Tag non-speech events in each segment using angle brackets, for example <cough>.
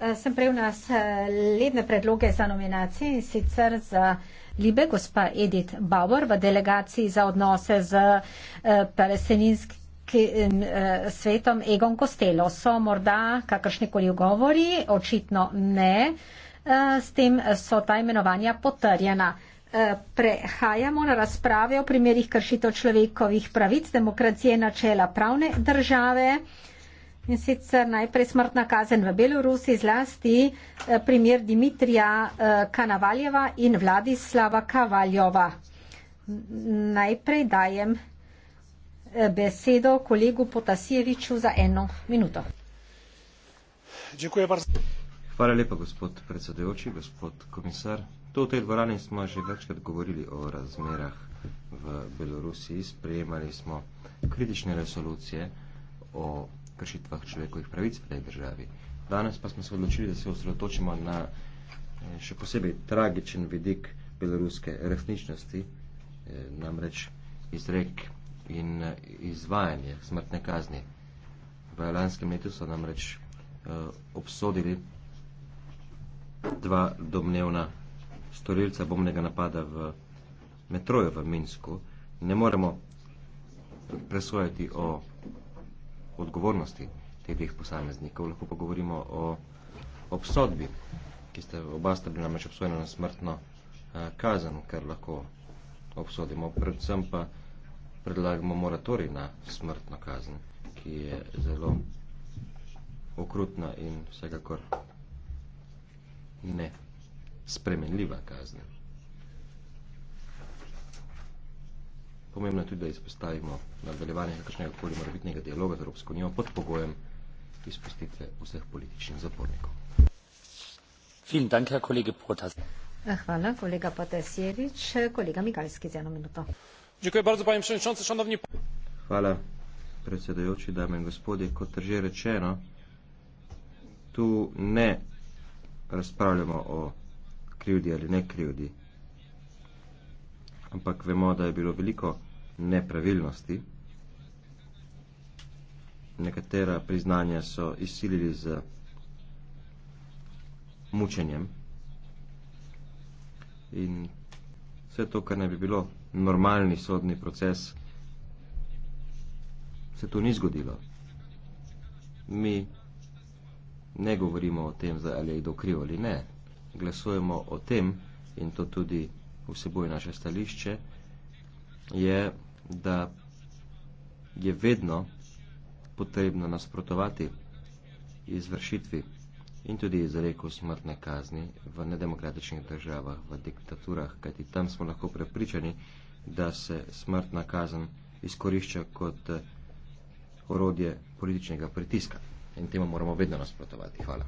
Eh, sem prejel nas eh, ledne predloge za nominacije in sicer za Libe, gospa Edith Bauer v delegaciji za odnose z eh, palestinskim svetom Egon Kostelo. So morda kakršnikoli ugovori? Očitno ne. S tem so ta imenovanja potrjena. Prehajamo na razprave o primerih kršitev človekovih pravic, demokracije, načela pravne države. In sicer najprej smrtna kazen v Belorusi, zlasti eh, primer Dimitrija eh, Kanavaljeva in Vladislava Kavaljova. Najprej dajem eh, besedo kolegu Potasjeviču za eno minuto. Hvala lepa, gospod predsedujoči, gospod komisar. To v tej dvorani smo že večkrat govorili o razmerah v Belorusiji. Sprejemali smo kritične resolucije o kršitvah človekovih pravic v tej državi. Danes pa smo se odločili, da se osredotočimo na eh, še posebej tragičen vidik beloruske resničnosti, eh, namreč izrek in eh, izvajanje smrtne kazni. V lanskem letu so namreč obsodili dva domnevna storilca bombnega napada v metroju v Minsku. Ne moremo presojati o odgovornosti teh dveh posameznikov. Lahko pa govorimo o obsodbi, ki ste oba sta bili namreč obsojena na smrtno eh, kazen, kar lahko obsodimo. Predvsem pa predlagamo moratori na smrtno kazen, ki je zelo okrutna in vsekakor ne spremenljiva kazen. Pomembno je tudi, da izpostavimo nadaljevanje kakršnega koli morabitnega dialoga z Evropsko unijo pod pogojem izpustitve vseh političnih zapornikov. Vielen Dank, Herr Kollege Protas. Eh, hvala, kolega Patesjevič. Eh, kolega Mikalski, z eno minuto. Dziękuję bardzo, panie przewodniczący, szanowni... Hvala, predsedajoči, dame in gospodje. Kot že rečeno, tu ne razpravljamo o krivdi ali ne krivdi. Ampak vemo, da je bilo veliko nepravilnosti. Nekatera priznanja so izsilili z mučenjem in vse to, kar ne bi bilo normalni sodni proces, se tu ni zgodilo. Mi ne govorimo o tem, ali je kdo kriv ali ne. Glasujemo o tem in to tudi vseboj naše stališče, je da je vedno potrebno nasprotovati izvršitvi in tudi izreku smrtne kazni v nedemokratičnih državah, v diktaturah, kajti tam smo lahko prepričani, da se smrtna kazen izkorišča kot eh, orodje političnega pritiska. In temu moramo vedno nasprotovati. Hvala.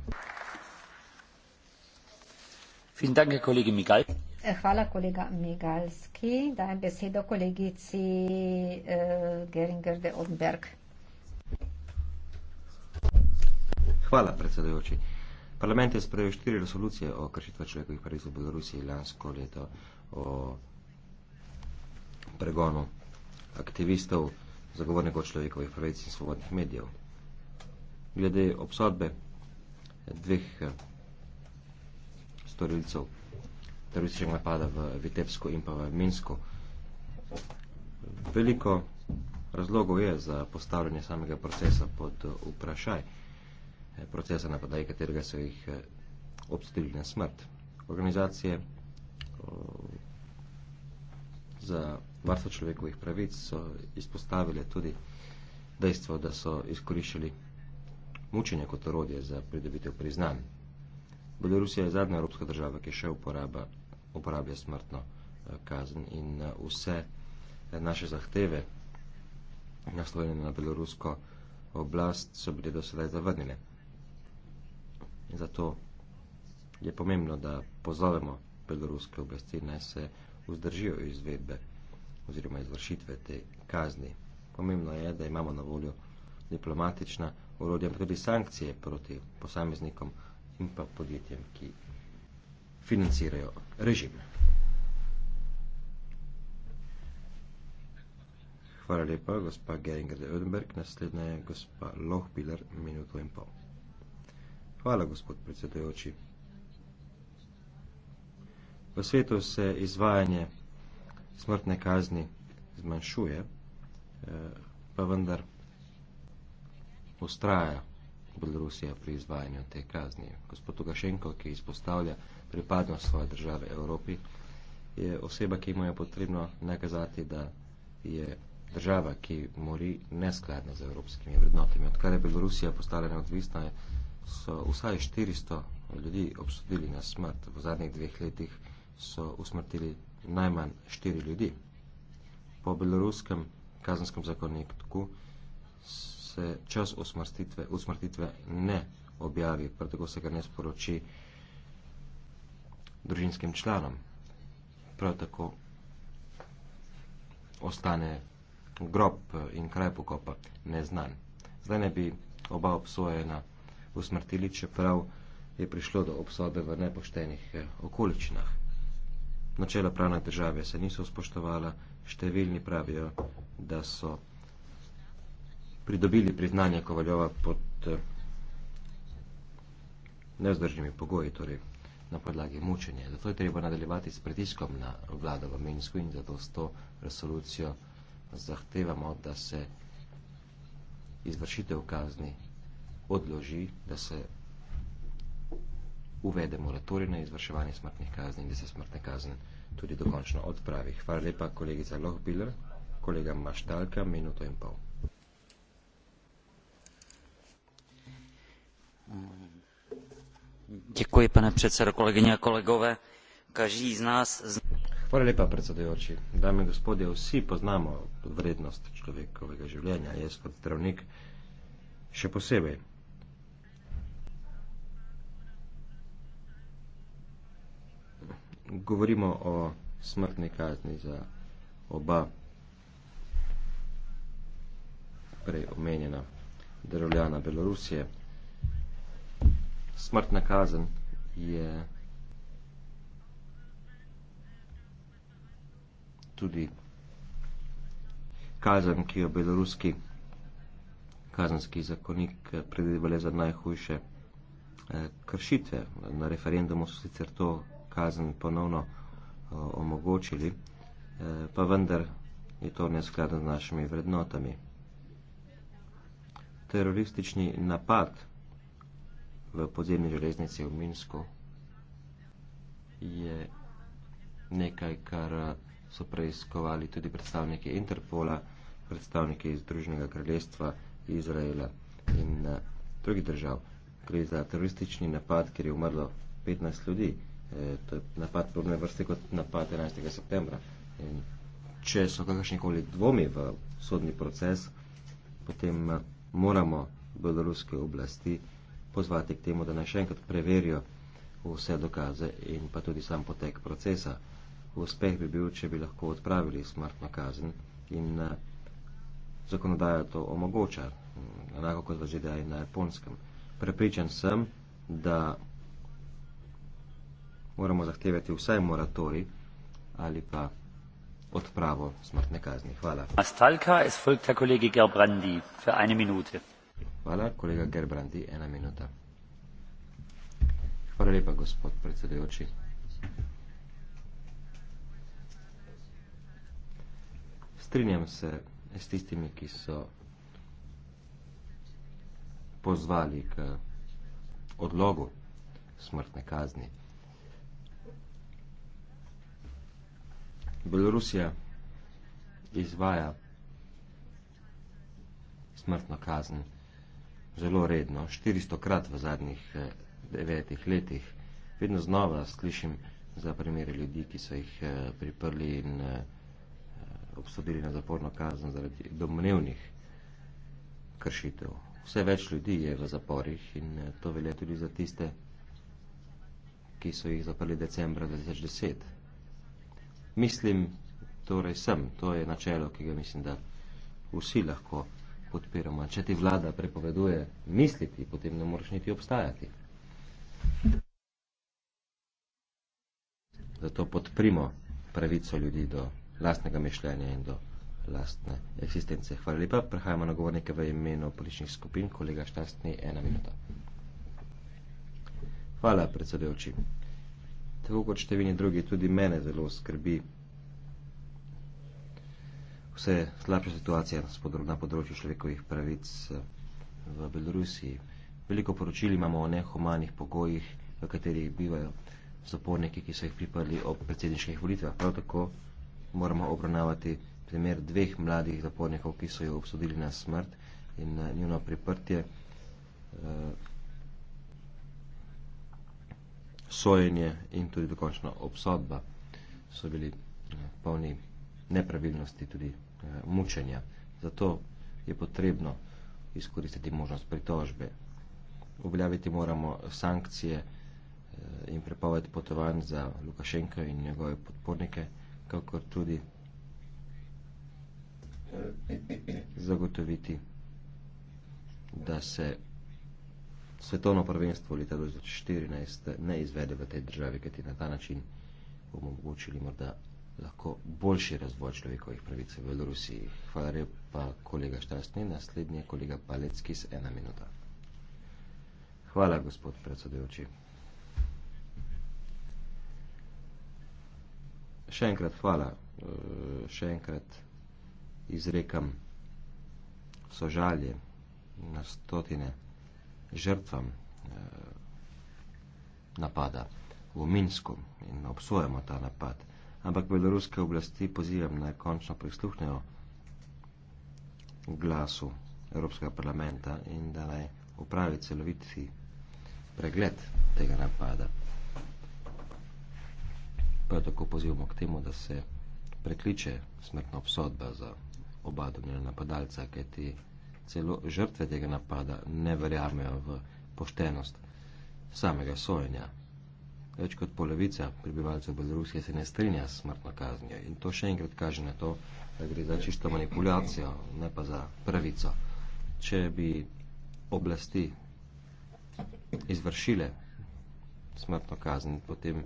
Vielen Dank, Herr Kollege Mikael. Eh, hvala, kolega Migalski. Dajem besedo kolegici uh, Geringer de Odenberg. Hvala, predsedujoči. Parlament je sprejel štiri resolucije o kršitvah človekovih pravic v Belorusiji lansko leto o pregonu aktivistov, zagovornikov človekovih pravic in svobodnih medijev. Glede obsodbe dveh eh, storilcev terorističnega napada v Vitebsku in pa v Minsku. Veliko razlogov je za postavljanje samega procesa pod vprašaj eh, procesa napadaj, katerega so jih eh, obsodili na smrt. Organizacije eh, za varstvo človekovih pravic so izpostavile tudi dejstvo, da so izkoriščali mučenje kot orodje za pridobitev priznanj. Belorusija je zadnja evropska država, ki še uporaba, uporablja smrtno eh, kazen in eh, vse eh, naše zahteve naslovljene na belorusko oblast so bile do sedaj zavrnjene. Zato je pomembno, da pozovemo beloruske oblasti, naj se vzdržijo izvedbe oziroma izvršitve te kazni. Pomembno je, da imamo na voljo diplomatična urodja, pa tudi sankcije proti posameznikom, in pa podjetjem, ki financirajo režim. Hvala lepa, gospa Geringer de Odenberg. Naslednja je gospa Lohbiller, minuto in pol. Hvala, gospod predsedujoči. V svetu se izvajanje smrtne kazni zmanjšuje, eh, pa vendar ustraja Belorusija pri izvajanju te kazni. Gospod Tugašenko, ki izpostavlja pripadnost svoje države Evropi, je oseba, ki mu je potrebno nakazati, da je država, ki mori, neskladna z evropskimi vrednotami. Odkar je Belorusija postala neodvisna, so vsaj 400 ljudi obsodili na smrt. V zadnjih dveh letih so usmrtili najmanj štiri ljudi. Po beloruskem kazenskem zakonniku se čas usmrtitve, usmrtitve ne objavi, prav tako se ga ne sporoči družinskim članom. Prav tako ostane grob in kraj pokopa neznan. Zdaj ne bi oba obsojena usmrtili, čeprav je prišlo do obsobe v nepoštenih eh, okoličinah. Načela pravne države se niso spoštovala, številni pravijo, da so pridobili priznanje Kovaljova pod eh, nevzdržnimi pogoji, torej na podlagi mučenja. Zato je treba nadaljevati s pritiskom na vlado v Minsku in zato s to resolucijo zahtevamo, da se izvršitev kazni odloži, da se uvede moratorij na izvrševanje smrtnih kazni in da se smrtne kazni tudi dokončno odpravi. Hvala lepa kolegica Lohbiller, kolega Maštalka, minuto in pol. pane předsedající každý z nás vsi poznamo vrednost človekovega življenja jaz kot zdravnik še posebej. Govorimo o smrtni kazni za oba prej omenjena državljana Belorusije smrtna kazen je tudi kazen, ki jo beloruski kazanski zakonik eh, predvidevale za najhujše eh, kršitve. Na referendumu so sicer to kazen ponovno eh, omogočili, pa vendar je to neskladno z našimi vrednotami. Teroristični napad v podzemni železnici v Minsku je nekaj, kar eh, so preiskovali tudi predstavniki Interpola, predstavniki Združenega kraljestva, Izraela in eh, drugih držav. Gre za teroristični napad, kjer je umrlo 15 ljudi. E, to je napad podobne vrste kot napad 11. septembra. In če so kakršnikoli dvomi v sodni proces, potem moramo beloruske oblasti pozvati k temu, da naj še enkrat preverijo vse dokaze in pa tudi sam potek procesa. Uspeh bi bil, če bi lahko odpravili smrtno kazen in eh, zakonodaja to omogoča, enako kot v ZDA in na japonskem. Prepričan sem, da moramo zahtevati vsaj moratori ali pa odpravo smrtne kazni. Hvala. Nastalka, es folgt der kolegi Gerbrandi, für eine minute. Hvala. Kolega Gerbrandi, ena minuta. Hvala lepa, gospod predsedujoči. Strinjam se s tistimi, ki so pozvali k odlogu smrtne kazni. Belorusija izvaja smrtno kazni zelo redno, 400 krat v zadnjih eh, devetih letih, vedno znova slišim za primere ljudi, ki so jih eh, priprli in eh, obsodili na zaporno kazen zaradi domnevnih kršitev. Vse več ljudi je v zaporih in to velja tudi za tiste, ki so jih zaprli decembra 2010. Mislim, torej sem, to je načelo, ki ga mislim, da vsi lahko podpiramo. Če ti vlada prepoveduje misliti, potem ne moreš niti obstajati. Zato podprimo pravico ljudi do lastnega mišljenja in do lastne eksistence. Hvala lepa. Prehajamo na govornike v imenu političnih skupin. Kolega Štastni, ena minuta. Hvala, predsedujoči. Tako kot številni drugi, tudi mene zelo skrbi vse slabša situacija na področju človekovih pravic eh, v Belorusiji. Veliko poročili imamo o nehumanih pogojih, v katerih bivajo zaporniki, ki so jih priprli ob predsedniških volitvah. Prav tako moramo obravnavati primer dveh mladih zapornikov, ki so jo obsodili na smrt in na eh, njeno priprtje. Eh, sojenje in tudi dokončna obsodba so bili polni nepravilnosti tudi Eh, mučenja. Zato je potrebno izkoristiti možnost pritožbe. Objaviti moramo sankcije eh, in prepoved potovanj za Lukašenko in njegove podpornike, kakor tudi eh, zagotoviti, da se svetovno prvenstvo leta 2014 ne izvede v tej državi, kajti na ta način bomo omogočili morda lahko boljši razvoj človekovih pravic v Belorusiji. Hvala lepa, kolega Štrasni. Naslednji je kolega Palecki z ena minuta. Hvala, gospod predsedujoči. Še enkrat hvala. Eh, še enkrat izrekam sožalje na stotine žrtvam eh, napada v Minsku in obsojamo ta napad ampak beloruske oblasti pozivam naj končno prisluhnejo glasu Evropskega parlamenta in da naj upravi celoviti pregled tega napada. Prav tako pozivamo k temu, da se prekliče smrtna obsodba za oba domnjena napadalca, kajti celo žrtve tega napada ne verjamejo v poštenost samega sojenja več kot polovica prebivalcev Belorusije se ne strinja s smrtno kaznjo. In to še enkrat kaže na to, da gre za čisto manipulacijo, ne pa za pravico. Če bi oblasti izvršile smrtno kazen, potem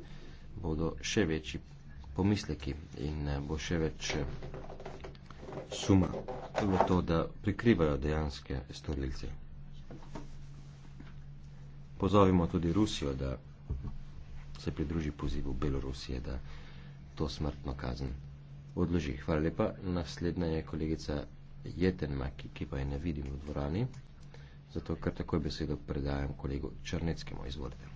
bodo še večji pomisleki in eh, bo še več eh, suma v to, da prikrivajo dejanske storilce. Pozovimo tudi Rusijo, da se pridruži pozivu Belorusije, da to smrtno kazen odloži. Hvala lepa. Naslednja je kolegica Jetenma, ki, ki pa je ne vidim v dvorani, zato kar takoj besedo predajam kolegu Črneckemu. Izvolite.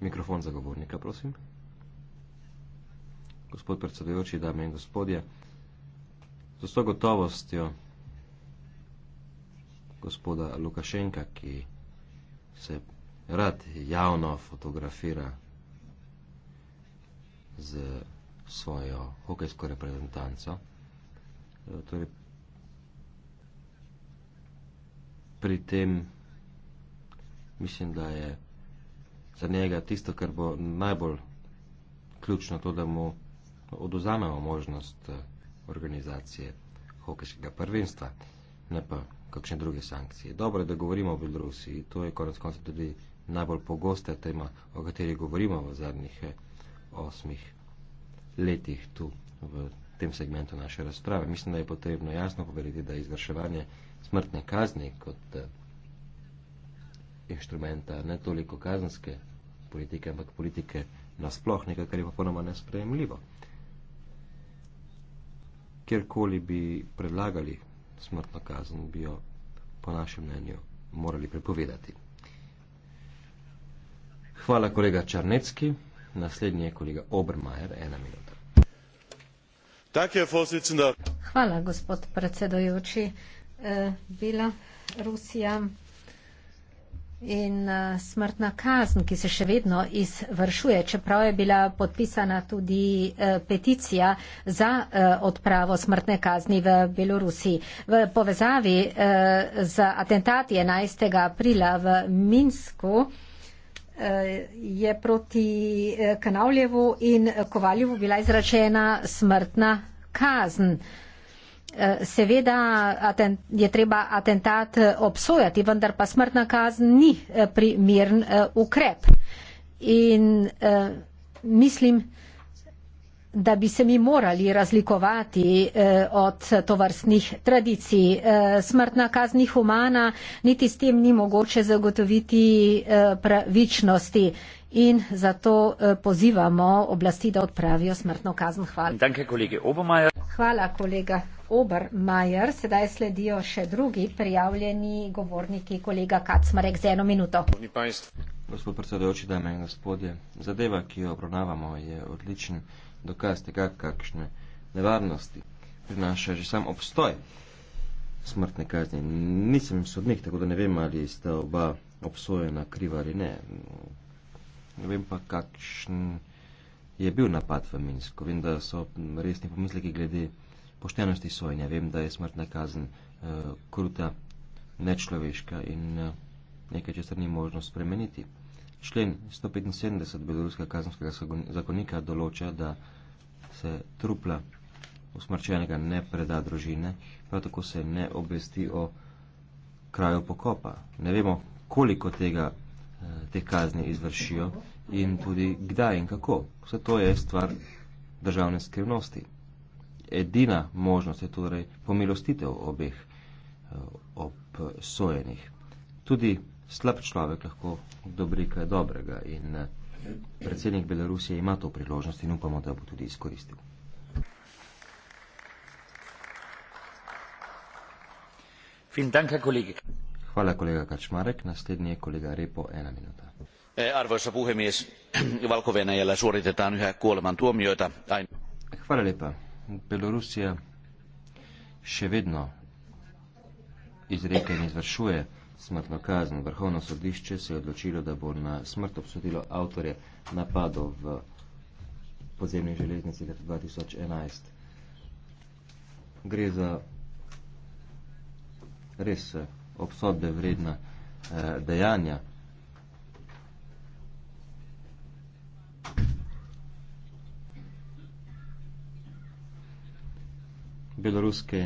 Mikrofon zagovornika, prosim. Gospod predsedujoči, dame in gospodje z vso gotovostjo gospoda Lukašenka, ki se rad javno fotografira z svojo hokejsko reprezentanco. Eh, torej, pri tem mislim, da je za njega tisto, kar bo najbolj ključno, to, da mu oduzamemo možnost uh, organizacije hokejskega prvenstva, ne pa kakšne druge sankcije. Dobro je, da govorimo o Belorusiji, to je konec konca tudi najbolj pogosta tema, o kateri govorimo v zadnjih eh, osmih letih tu v tem segmentu naše razprave. Mislim, da je potrebno jasno povedati, da je izvrševanje smrtne kazni kot eh, inštrumenta ne toliko kazenske politike, ampak politike nasploh, nekaj, kar je popolnoma nesprejemljivo kjerkoli bi predlagali smrtno kazen, bi jo po našem mnenju morali prepovedati. Hvala kolega Črnecki, naslednji je kolega Obermajer, ena minuta. Hvala, gospod predsedojoči. Eh, bila Rusija In uh, smrtna kazn, ki se še vedno izvršuje, čeprav je bila podpisana tudi uh, peticija za uh, odpravo smrtne kazni v Belorusiji. V povezavi uh, z atentati 11. aprila v Minsku uh, je proti uh, Kanavljevu in Kovaljevu bila izračena smrtna kazn. Uh, Eh, seveda je treba atentat eh, obsojati, vendar pa smrtna kazen ni eh, primern ukrep. In mislim, da bi se mi morali razlikovati od tovrstnih tradicij. Smrtna kazni humana niti s tem ni mogoče zagotoviti pravičnosti. In zato pozivamo oblasti, da odpravijo smrtno kazen. Hvala. Danke, Hvala, kolega. Obermajer, sedaj sledijo še drugi prijavljeni govorniki, kolega Kacmarek, za eno minuto. Gospod predsedujoči, dame in gospodje, zadeva, ki jo obravnavamo, je odličen dokaz tega, kakšne nevarnosti prinaša že sam obstoj smrtne kazni. Nisem sodnik, tako da ne vem, ali sta oba obsojena kriva ali ne. Ne vem pa, kakšen je bil napad v Minsku. Vem, da so resni pomisleki glede poštenosti sojenja. Vem, da je smrtna kazen uh, kruta, nečloveška in uh, nekaj, če se ni možno spremeniti. Člen 175 Beloruskega kazenskega zakonika določa, da se trupla usmrčenega ne preda družine, prav tako se ne obvesti o kraju pokopa. Ne vemo, koliko tega eh, te kazni izvršijo in tudi kdaj in kako. Vse to je stvar državne skrivnosti edina možnost je torej pomilostitev obeh eh, obsojenih. Tudi slab človek lahko dobri kaj dobrega in eh, predsednik Belorusije ima to priložnost in upamo, da bo tudi izkoristil. Hvala, kolega Kačmarek. Naslednji je kolega Repo, ena minuta. Eh, arvoisa puhemies, <clears throat> Valko-Venäjällä suoritetaan yhä kuoleman tuomioita. Hvala lepa. Belorusija še vedno izreka in izvršuje smrtno kazen. Vrhovno sodišče se je odločilo, da bo na smrt obsodilo avtorje napadov v podzemni železnici leta 2011. Gre za res eh, obsodbe vredna eh, dejanja. beloruske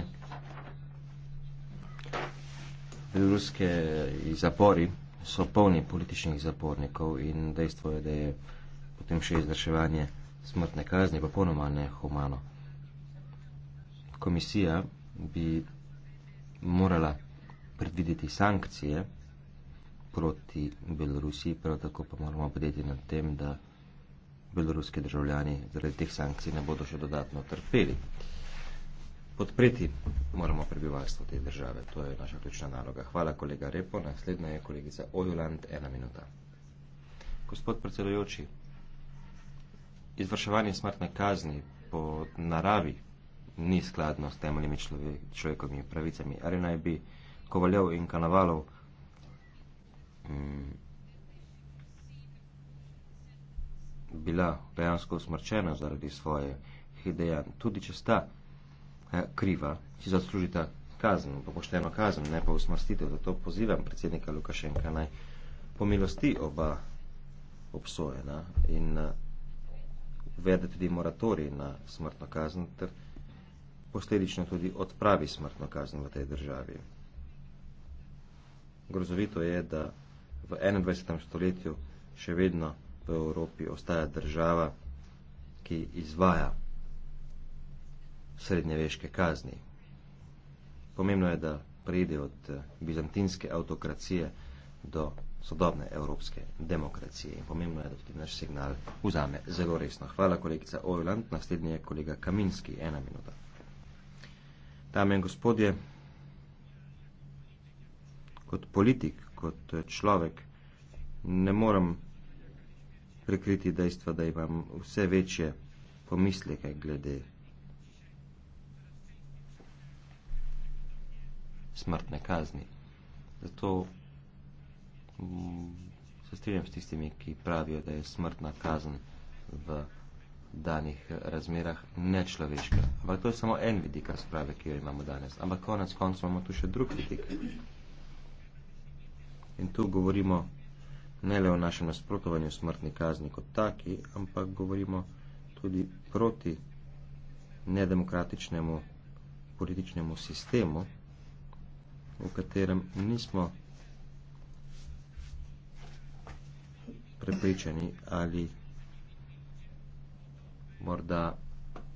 beloruske zapori so polni političnih zapornikov in dejstvo je, da je potem še izdrševanje smrtne kazni popolnoma nehumano. Komisija bi morala predvideti sankcije proti Belorusiji, prav tako pa moramo bedeti nad tem, da beloruski državljani zaradi teh sankcij ne bodo še dodatno trpeli podpreti moramo prebivalstvo te države. To je naša ključna naloga. Hvala, kolega Repo. Naslednja je kolegica Ojuland, ena minuta. Gospod predsedujoči, izvrševanje smrtne kazni po naravi ni skladno s temeljnimi človek, človekovimi pravicami. Ali naj bi Kovaljev in Kanavalov mm, bila dejansko usmrčena zaradi svoje dejanj, tudi če sta Eh, kriva, ki zaslužita kazen, pogošteno kazen, ne pa usmrstitev. Zato pozivam predsednika Lukašenka naj pomilosti oba obsojena in eh, uvede tudi moratorij na smrtno kazen ter posledično tudi odpravi smrtno kazen v tej državi. Grozovito je, da v 21. stoletju še vedno v Evropi ostaja država, ki izvaja srednjeveške kazni. Pomembno je, da preide od eh, bizantinske avtokracije do sodobne evropske demokracije. In pomembno je, da tudi naš signal vzame zelo resno. Hvala, kolegica Ojland. Naslednji je kolega Kaminski. Ena minuta. Dame in gospodje, kot politik, kot eh, človek, ne morem prekriti dejstva, da imam vse večje pomisleke glede smrtne kazni. Zato mm, se strinjam s tistimi, ki pravijo, da je smrtna kazen v danih razmerah nečloveška. Ampak to je samo en vidik razprave, ki jo imamo danes. Ampak konec koncev imamo tu še drug vidik. In tu govorimo ne le o našem nasprotovanju smrtni kazni kot taki, ampak govorimo tudi proti nedemokratičnemu političnemu sistemu, v katerem nismo prepričani ali morda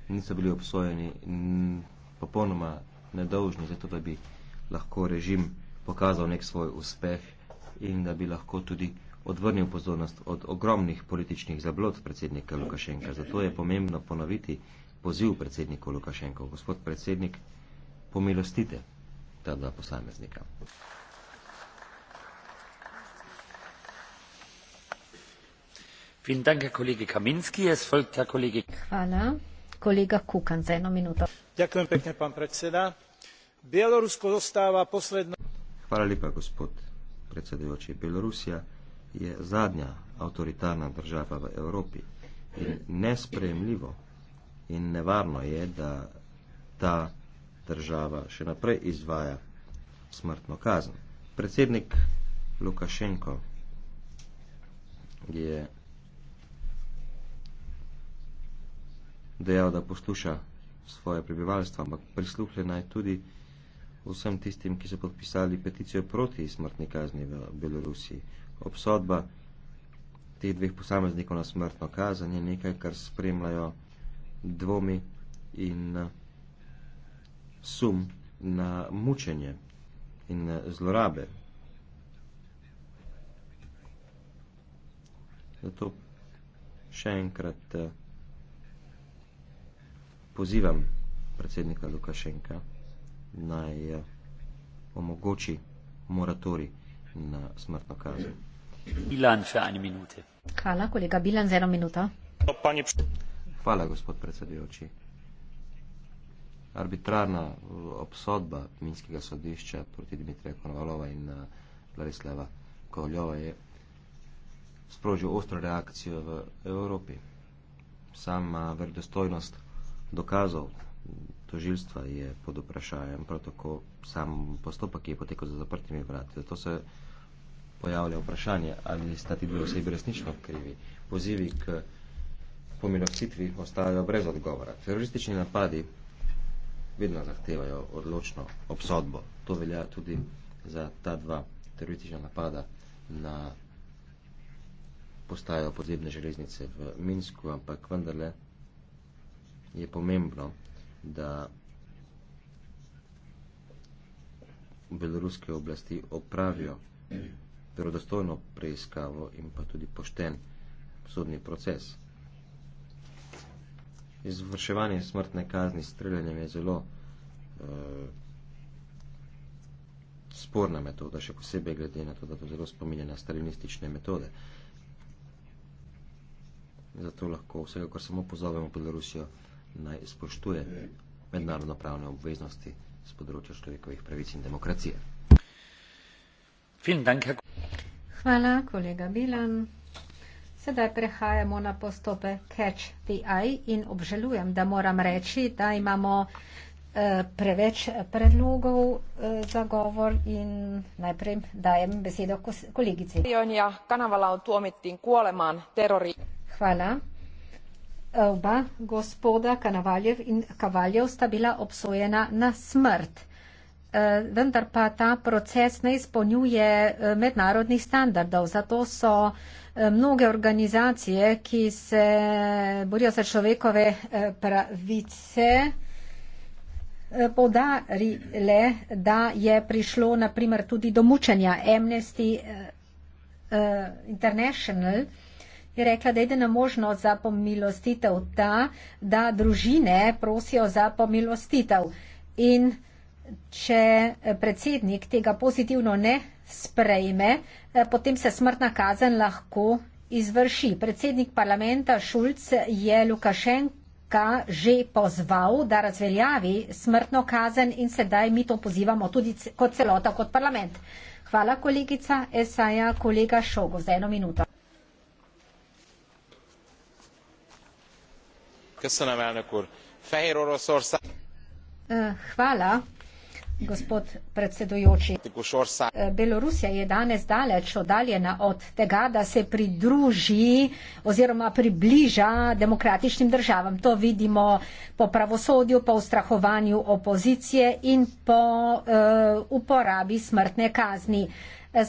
niso bili obsojeni popolnoma nedolžni, zato da bi lahko režim pokazal nek svoj uspeh in da bi lahko tudi odvrnil pozornost od ogromnih političnih zablod predsednika Lukašenka. Zato je pomembno ponoviti poziv predsednika Lukašenka. Gospod predsednik, pomilostite ta dva posameznika. Danke, Kaminski, kolegi... Hvala. Kolega Kukan za eno minuto. Ďakujem pekne, pán predseda. Bielorusko zostáva posledno... Hvala lepa, gospod predsedujoči. Bielorusija je zadnja autoritarna država v Evropi. In nesprejemljivo in nevarno je, da ta država še naprej izvaja smrtno kazen. Predsednik Lukašenko je dejal, da posluša svoje prebivalstvo, ampak prisluhljena je tudi vsem tistim, ki so podpisali peticijo proti smrtni kazni v Belorusiji. Obsodba teh dveh posameznikov na smrtno kazen je nekaj, kar spremljajo dvomi in uh, sum na mučenje in zlorabe. Zato še enkrat eh, pozivam predsednika Lukašenka naj eh, omogoči moratori na smrtno kazen. Bilan še eno minuto. Hvala, kolega Bilan, za eno minuto. Hvala, gospod predsedujoči arbitrarna eh, obsodba Minskega sodišča proti Dimitrija Konovalova in eh, Vladislava Koljova je sprožil ostro reakcijo v Evropi. Sama verodostojnost dokazov tožilstva je pod vprašajem, prav tako sam postopek je potekal za zaprtimi vrati. Zato se pojavlja vprašanje, ali sta ti dve osebi resnično krivi. Pozivi k pomilostitvi ostajajo brez odgovora. Teroristični napadi vedno zahtevajo odločno obsodbo. To velja tudi za ta dva teroristična napada na postajo podzemne železnice v Minsku, ampak vendarle je pomembno, da beloruske oblasti opravijo verodostojno preiskavo in pa tudi pošten sodni proces izvrševanje smrtne kazni s streljanjem je zelo uh, sporna metoda, še posebej glede na to, da to zelo spominja na stalinistične metode. Zato lahko vsekakor samo pozovemo Belorusijo naj spoštuje mednarodno pravne obveznosti z področja človekovih pravic in demokracije. Vielen Dank, Herr Hvala, kolega Bilan. Sedaj prehajamo na postope catch the eye in obžalujem, da moram reči, da imamo eh, preveč predlogov eh, za govor in najprej dajem besedo kolegici. Kanavala on tuomittiin kuolemaan terori. Hvala. Oba gospoda Kanavaljev in Kavaljev sta bila obsojena na smrt. Eh, vendar pa ta proces ne izpolnjuje eh, mednarodnih standardov. Zato so eh, mnoge organizacije, ki se borijo za človekove pravice, podarile, da je prišlo naprimer tudi do mučenja Amnesty International je rekla, da je edina možnost za pomilostitev ta, da družine prosijo za pomilostitev. In uh, če eh, predsednik tega pozitivno ne sprejme, eh, potem se smrtna kazen lahko izvrši. Predsednik parlamenta Šulc je Lukašenka že pozval, da razveljavi smrtno kazen in sedaj mi to pozivamo tudi kot celota, kot parlament. Hvala, kolegica Esaja, kolega Šogo, za eno minuto. Köszönöm, elnök úr. Fehér Oroszország. Eh, hvala. Gospod predsedujoči, Belorusija je danes daleč oddaljena od tega, da se pridruži oziroma približa demokratičnim državam. To vidimo po pravosodju, po ustrahovanju opozicije in po uh, uporabi smrtne kazni.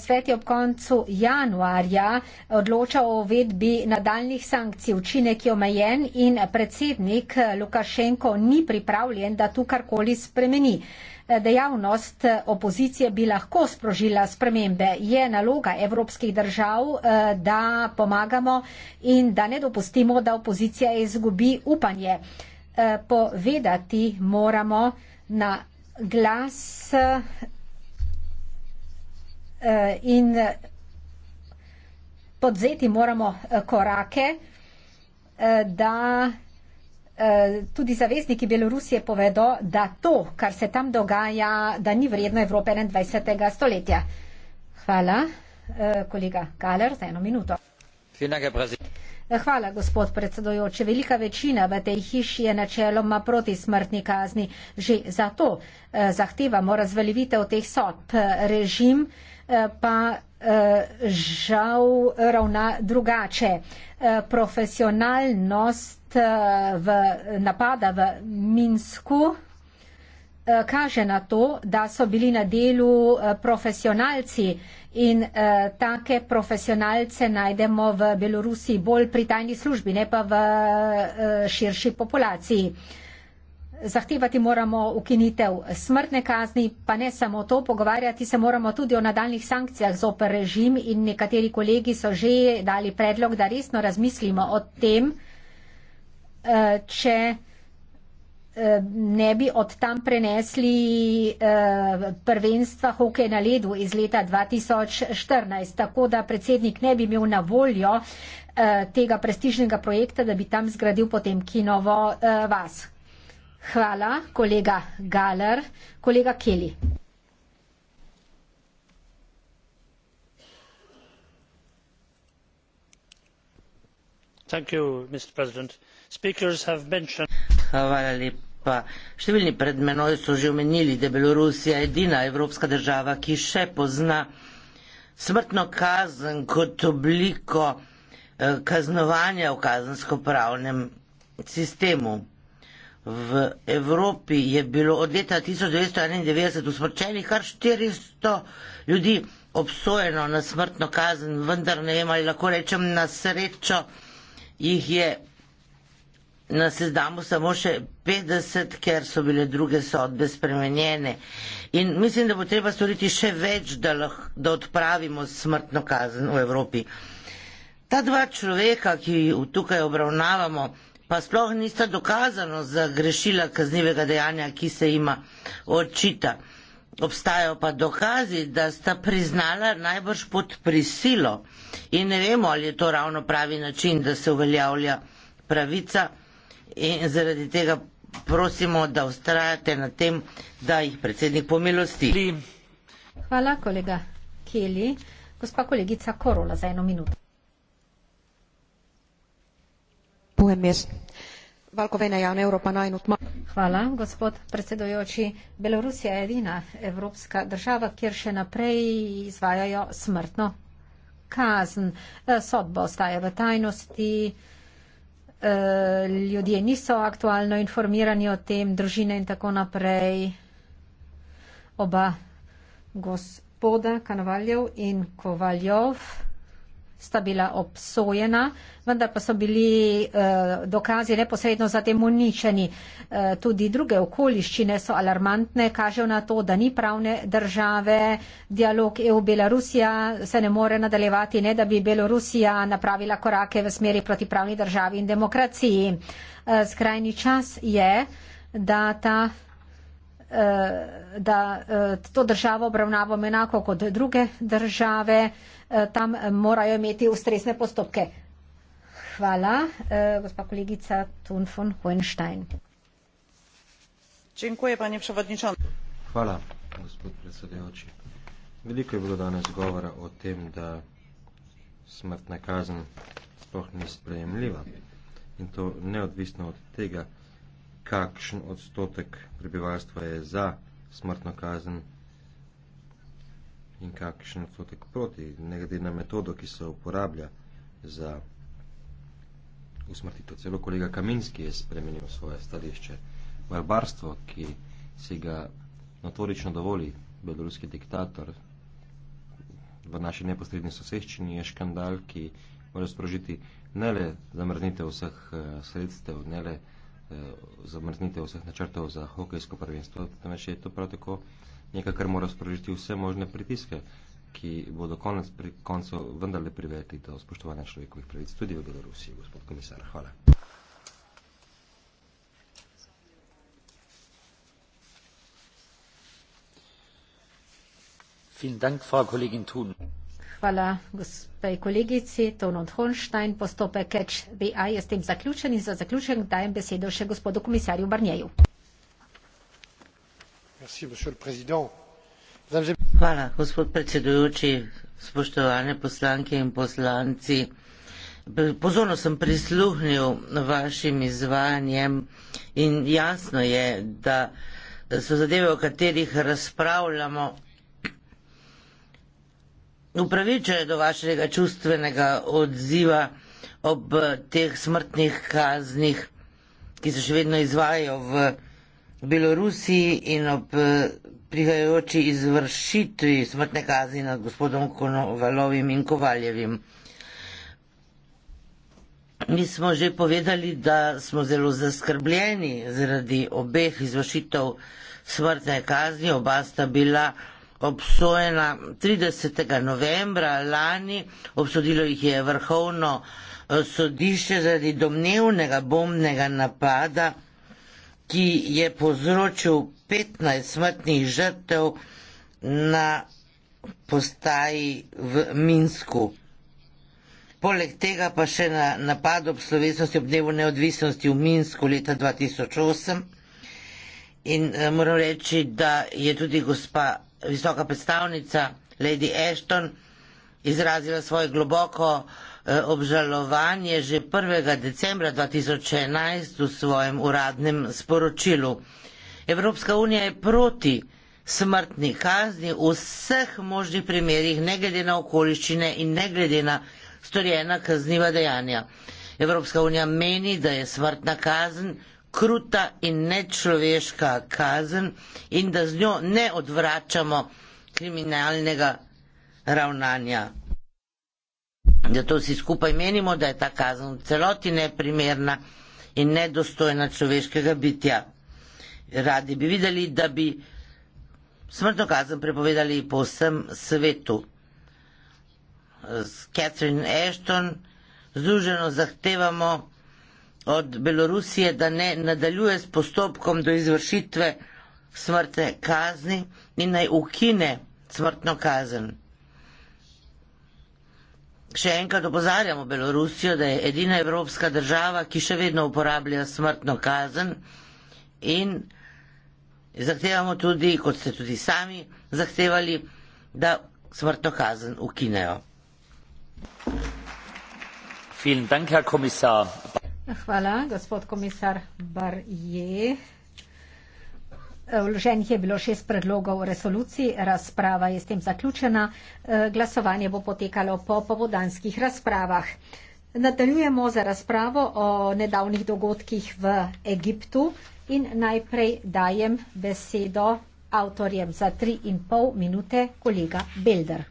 Svet je ob koncu januarja odločal o vedbi nadaljnih sankcij. Učinek je omejen in predsednik Lukašenko ni pripravljen, da tu karkoli spremeni dejavnost opozicije bi lahko sprožila spremembe. Je naloga evropskih držav, eh, da pomagamo in da ne dopustimo, da opozicija izgubi upanje. Eh, povedati moramo na glas eh, in podzeti moramo korake, da Eh, tudi zavezniki Belorusije povedo, da to, kar se tam dogaja, da ni vredno Evrope 21. stoletja. Hvala, eh, kolega Kaler, za eno minuto. Eh, hvala, gospod predsedojoče. Velika večina v tej hiši je načeloma proti smrtni kazni. Že zato zahtevamo razveljavitev teh sodb. Režim pa žal ravna drugače. Profesionalnost Eh, v napada v Minsku eh, kaže na to, da so bili na delu eh, profesionalci in take profesionalce najdemo v Belorusiji bolj pri tajni službi, ne pa v širši populaciji. Zahtevati moramo ukinitev smrtne kazni, pa ne samo to, pogovarjati se moramo tudi o nadaljnih sankcijah zoper režim in nekateri kolegi so že dali predlog, da resno razmislimo o tem, Eh, če eh, ne bi od tam prenesli eh, prvenstva hokeja na ledu iz leta 2014, tako da predsednik ne bi imel na voljo tega prestižnega projekta, da bi tam zgradil potem kinovo vas. Hvala, kolega Galer. Kolega Keli. Thank you, Mr. President. Številni pred menoj so že omenili, da Belorusija je edina evropska država, ki še pozna smrtno kazen kot obliko eh, kaznovanja v kazensko-pravnem sistemu. V Evropi je bilo od leta 1991 usmrčenih kar 400 ljudi obsojeno na smrtno kazen, vendar ne vem, ali lahko rečem na srečo, jih je na seznamu samo še 50, ker so bile druge sodbe spremenjene. In mislim, da bo treba storiti še več, da, lahko, da odpravimo smrtno kazen v Evropi. Ta dva človeka, ki jih tukaj obravnavamo, pa sploh nista dokazano za grešila kaznivega dejanja, ki se ima očita. Obstajajo pa dokazi, da sta priznala najbrž pod prisilo. In ne vemo, ali je to ravno pravi način, da se uveljavlja pravica in zaradi tega prosimo, da ustrajate na tem, da jih predsednik pomilosti. Hvala, kolega Keli. Gospa kolegica Korola za eno minuto. Hvala, gospod predsedojoči. Belorusija je edina evropska država, kjer še naprej izvajajo smrtno kazn. Sodba ostaje v tajnosti. Eh, ljudje niso aktualno informirani o tem, družine in tako naprej. Oba gospoda, Kanovaljev in Kovaljov sta bila obsojena, vendar pa so bili eh, dokazi neposredno zatem uničeni. Eh, tudi druge okoliščine so alarmantne, kažejo na to, da ni pravne države, dialog EU-Belorusija se ne more nadaljevati, ne da bi Belorusija napravila korake v smeri proti pravni državi in demokraciji. Eh, skrajni čas je, da ta Eh, da eh, to državo obravnavamo enako kot druge države, eh, tam morajo imeti ustresne postopke. Hvala, gospa kolegica Thun von Hohenstein. Hvala, gospod predsedujoči. Veliko je bilo danes govora o tem, da smrtna kazen sploh ni sprejemljiva in to neodvisno od tega, kakšen odstotek prebivalstva je za smrtno kazen in kakšen odstotek proti, ne glede na metodo, ki se uporablja za usmrtitev. Celo kolega Kaminski je spremenil svoje stališče. Barbarstvo, ki si ga notorično dovoli beloruski diktator v naši neposredni soseščini, je škandal, ki mora sprožiti ne le zamrznitev vseh eh, sredstev, ne le uh, Eh, zamrznitev vseh načrtov za hokejsko prvenstvo, temveč je to prav tako nekaj, kar mora sprožiti vse možne pritiske, ki bodo konec pri koncu vendarle privedli do spoštovanja človekovih pravic tudi v Belorusiji, gospod komisar. Hvala. Vielen Dank, Frau Kollegin Thun. Hvala gospe kolegici Tonot Honštajn. Postopek HBA je s tem zaključen in za zaključek dajem besedo še gospodu komisarju Barnieju. Hvala, gospod predsedujoči, spoštovane poslanke in poslanci. Pozorno sem prisluhnil vašim izvajanjem in jasno je, da so zadeve, o katerih razpravljamo, upravičuje do vašega čustvenega odziva ob teh smrtnih kaznih, ki se še vedno izvajajo v Belorusiji in ob eh, prihajajoči izvršitvi smrtne kazni nad gospodom Konovalovim in Kovaljevim. Mi smo že povedali, da smo zelo zaskrbljeni zaradi obeh izvršitev smrtne kazni, oba sta bila obsojena 30. novembra lani, obsodilo jih je vrhovno eh, sodišče zaradi domnevnega bombnega napada, ki je povzročil 15 smrtnih žrtev na postaji v Minsku. Poleg tega pa še na napad ob slovesnosti ob dnevu neodvisnosti v Minsku leta 2008. In eh, moram reči, da je tudi gospa visoka predstavnica Lady Ashton izrazila svoje globoko eh, obžalovanje že 1. decembra 2011 v svojem uradnem sporočilu. Evropska unija je proti smrtni kazni v vseh možnih primerjih, ne glede na okoliščine in ne glede na storjena kazniva dejanja. Evropska unija meni, da je smrtna kazen kruta in nečloveška kazen in da z njo ne odvračamo kriminalnega ravnanja. Zato vsi skupaj menimo, da je ta kazen v celoti neprimerna in nedostojna človeškega bitja. Radi bi videli, da bi smrtno kazen prepovedali po vsem svetu. Z Catherine Ashton združeno zahtevamo, od Belorusije, da ne nadaljuje s postopkom do izvršitve smrtne kazni in naj ukine smrtno kazen. Še enkrat opozarjamo Belorusijo, da je edina evropska država, ki še vedno uporablja smrtno kazen in zahtevamo tudi, kot ste tudi sami zahtevali, da smrtno kazen ukinejo. Vielen Dank, Herr Kommissar. Hvala, gospod komisar Barje. Vloženih je bilo šest predlogov resoluciji, razprava je s tem zaključena. Eh, glasovanje bo potekalo po povodanskih razpravah. Nadaljujemo za razpravo o nedavnih dogodkih v Egiptu in najprej dajem besedo avtorjem za tri in pol minute kolega Belder.